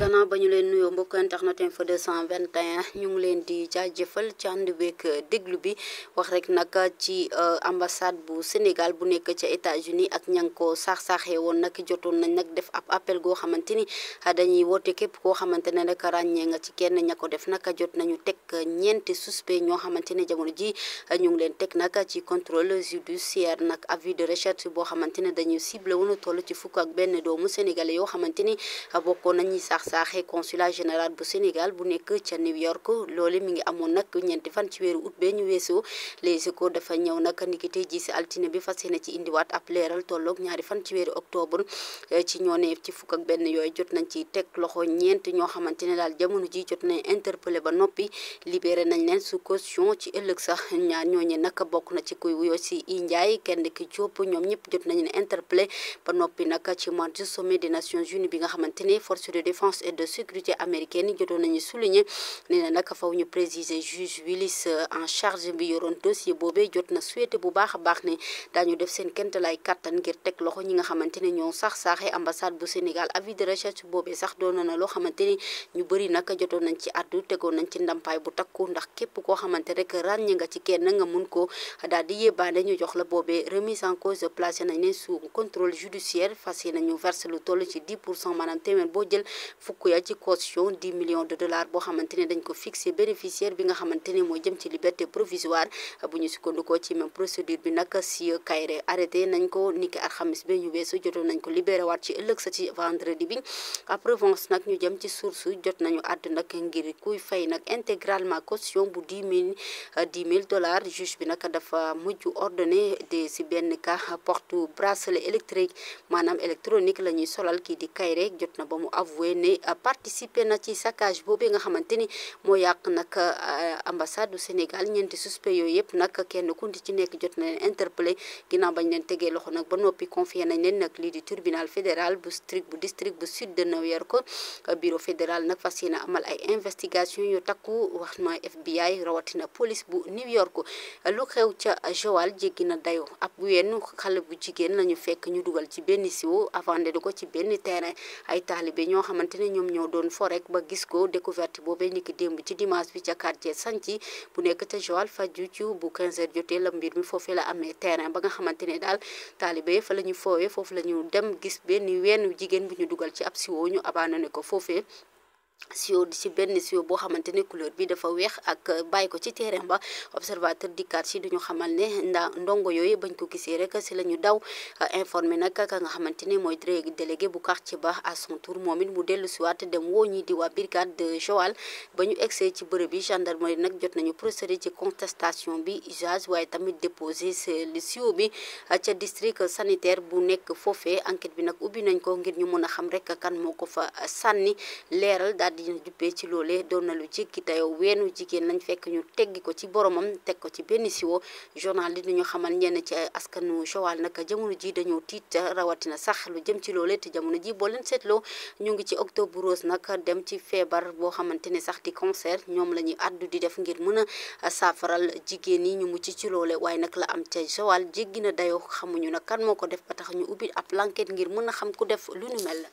gannaaw ba ñu leen nuyoo mbokk internet info 221 ñu ngi leen di jëfal ci ànd beeg déglu bi wax rek nag ci euh, ambassade bu Sénégal bu nekk ca États-Unis ak ña nga ko woon nag jotoon nañ nag def ab appel goo xamante ni dañuy woote képp koo xamante ne nag ràññee nga ci kenn ña ko def nag jot nañu teg ñeenti suspect ñoo xamante ne jamono ji ñu ngi leen teg nag ci contrôle judiciaire nag avis de recherche boo xamante ne dañu ciblé woon toll ci fukk ak benn doomu sénégalais yoo xamante ni bokkoon nañuy saax saaxe consulat général bu Sénégal bu nekk ca New York loole mi ngi amoon nag ñeenti fan ci weeru ut bee ñu weesoo Les Échos dafa ñëw nag niki tey ji si altine bi fas yéene ci indiwaat ab leeral tolloog ñaari fan ci weeru octobre eh, ci ñoo ci fukk benn yooyu jot nañ ci teg loxo ñeent ñoo xamante ne daal jamono ji jot nañ interpellé ba noppi libéré nañ leen sous caution ci ëllëg sax ñaar ñooñu nag bokk na ci kuy wuyoo si i kenn ki Diop ñoom ñëpp jot nañu ne interpellé ba noppi nag ci mois sommet des Nations bi nga xamante forces et de sécurité américaine jotoon nañu souligner nee na faw ñu préciser juge Willis euh, en charge bi yoroon dossier boobee jot na souhaité bu baax a baax ne daañu def seen kentalaay kàttan ngir teg loxo ñi nga xamante ne ñoo sax saaxee ambassade bu Sénégal avis de recherche boobee sax doon na loo xamante ni ñu bëri nag jotoon nañ ci àddu tegoon nañ ci ndampaay bu takku ndax képp koo xamante rek ràññee nga ci kenn nga mun ko daal di yebbaane ñu jox la boobee remise en cause placé nañ ne sous contrôle judiciaire fas nañu fukk ya ci caution 10 millions de dollars boo xamante ne dañ ko fixé bénéficiaire bi nga xamante ne moo jëm ci liberté provisoire bu ñu sukkandikoo ci même procédure bi nag si Kairé arrêté nañ ko niki alxamis bi ñu weesu jotoon nañ ko libéré waat ci ëllëg sa ci vendredi bi après vence nag ñu jëm ci source jot nañu àdd nag ngir kuy fay nag intégralement caution bu 10 000 10 000 dollars juge bi nag dafa mujj ordonné de si benn cas porte bracelet électrique maanaam électronique la ñuy solal kii di Kairé jot ne euh, participer na ci saccage boobu nga xamante ni moo yàq nag euh, ambassade du Sénégal ñeenti suspe yooyu yëpp nag kenn ku ci nekk jot na leen interpellé ginnaaw bañ leen tegee loxo nag ba noppi confié nañ leen nag lii di tribunal fédéral bu district bu district bu sud de New York bureau fédéral nag fas yéene amal ay investigation yu takku wax ma FBI rawatina police bu New York lu xew ca Joal jéggi na dayo ab wenn xale bu jigéen lañu fekk ñu dugal ci benn siwo avandé ne ñoom ñoo doon fo ba gis ko découverte boobee niki démb ci dimance bi ca quartier Santhi bu nekk ca Joal Fadiouth bu 15h jotee la mbir mi foofee la amee terrain ba nga xamante ne daal taalibe fa la ñu foowee foofu la ñu dem gis benn wenn jigéen bu ñu dugal ci ab siwo ñu abandonné ko foofee sio ci benn sio boo xamante ne couleur bi dafa weex ak euh, bàyyi ko ci terrain ba observateur dikkaat si duñu xamal ne nda ndongo yooyu bañ ko gisee rek si la ñu daw euh, informé nag ka nga xamante ne mooy délégué bu quartier ba à son tour moom it mu dellu siwaat dem woo ñi di waa brigade de Joal ba ñu egsee ci bërëb bi gendarmerie nag jot nañu procédé ci contestation bi usage waaye tamit déposé le sio bi euh, ca district sanitaire bu nekk foofee enquête bi nag ubbi nañ ko ngir ñu mën a xam rek kan moo ko fa sànni leeral daal di jubbee ci loole doon na lu jéggi dayoo weenu jigéen lañu fekk ñu teggi ko ci boromam teg ko ci benn siwo journal li ñu xamal ñenn ci askanu Joal nag jamono ji dañoo tiit rawatina sax lu jëm ci loolee te jamono ji boo seetloo ñu ngi ci octobre rose nag dem ci feebar boo xamante ne sax di cancer ñoom la ñuy addu di def ngir mën a saafaral jigéen ñi ñu mucc ci ci loole waaye nag la am ca Joal jéggi na dayoo xamuñu nag kan moo ko def ba tax ñu ubbi ab enquête ngir mën a xam ku def lu nu mel.